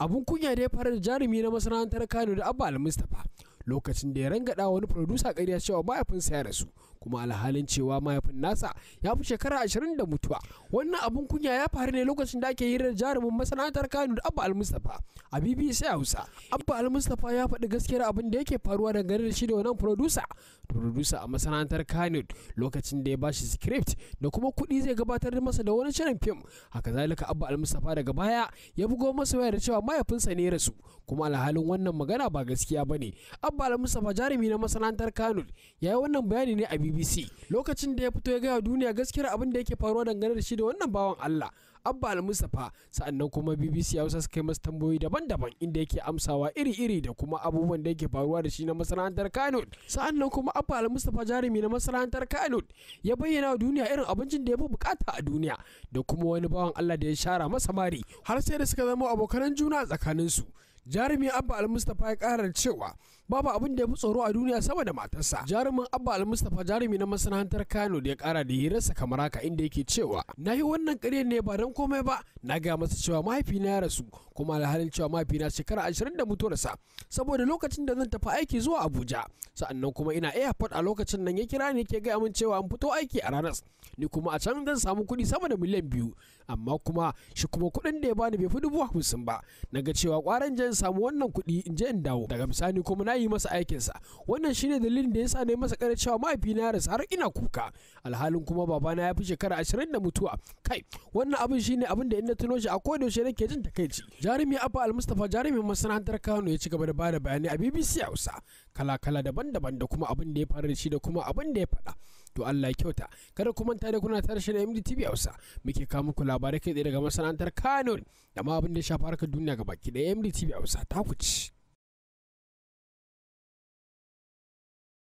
Abun kunya da ya fara da jarumi na masana'antar Kano da Abba Al-Mustapha lokacin da ya rangada wani producer ƙarya cewa mahaifinsa ya rasu kuma alhalin cewa mahaifin nasa ya fi shekara ashirin da mutuwa wannan abun kunya ya faru ne lokacin da ake hirar jarumin masana'antar kano da abba almustapha a bbc hausa abba almustapha ya faɗi gaskiyar abin da yake faruwa dangane da shi da wannan producer producer a masana'antar kano lokacin da ya bashi script da kuma kuɗi zai gabatar masa da wani shirin fim haka zalika abba almustapha daga baya ya bugo masa waya da cewa mahaifinsa ne ya rasu kuma alhalin wannan magana ba gaskiya ne ne abba mustapha jarumi na masana'antar kano ya yi wannan bayani ne a bbc lokacin da ya fito ya gaya duniya gaskiyar abin da yake faruwa dangane da shi da wannan bawan allah abba mustapha sa'annan kuma bbc ya wasu kai masa tambayoyi daban-daban inda yake amsawa iri-iri da kuma abubuwan da yake faruwa da shi na masana'antar kano sa'annan kuma abba mustafa jarumi na masana'antar kano ya bayyana wa duniya irin abincin da ya fi bukata a duniya da kuma wani bawan allah da ya shara masa mari har sai da suka zama abokanan juna tsakanin su jarumin abba al mustapha ya karar cewa babu abin da ya fi tsoro a duniya sama da matarsa jarumin abba mustapha jarumi na masana'antar kano da ya kara da hirarsa kamar haka inda yake cewa na yi wannan kare ne ba don komai ba na ga masa cewa mahaifina ya rasu kuma alhalin cewa mahaifina shekara ashirin da mutuwarsa saboda lokacin da zan tafi aiki zuwa abuja sa'annan kuma ina airport a lokacin nan ya kira ni ke gaya min cewa an fito aiki a ranar ni kuma a can zan samu kuɗi sama da miliyan biyu amma kuma shi kuma kuɗin da ya bani bai fi dubu hamsin ba na ga cewa kwaran jan samu wannan kuɗi in je in dawo daga bisani kuma na yi masa aikin sa wannan shine dalilin da ya sa na yi masa ƙara cewa mahaifina ya rasu har ina kuka alhalin kuma babana ya fi shekara ashirin da mutuwa kai wannan abin shine abin da ina tuno shi a yaushe nake jin takaici jarumi abba al-mustapha jarumin masana'antar kano ya ci gaba da bada bayani a bbc hausa kala kala daban-daban da kuma abin da ya faru da shi da kuma abin da ya faɗa to Allah ya kyauta kada kuma manta da kuna tare shi na MDTV Hausa muke kawo muku labarai kai daga masana'antar Kano da ma abin da ya shafi harkar duniya ga baki da MDTV Hausa ta kuci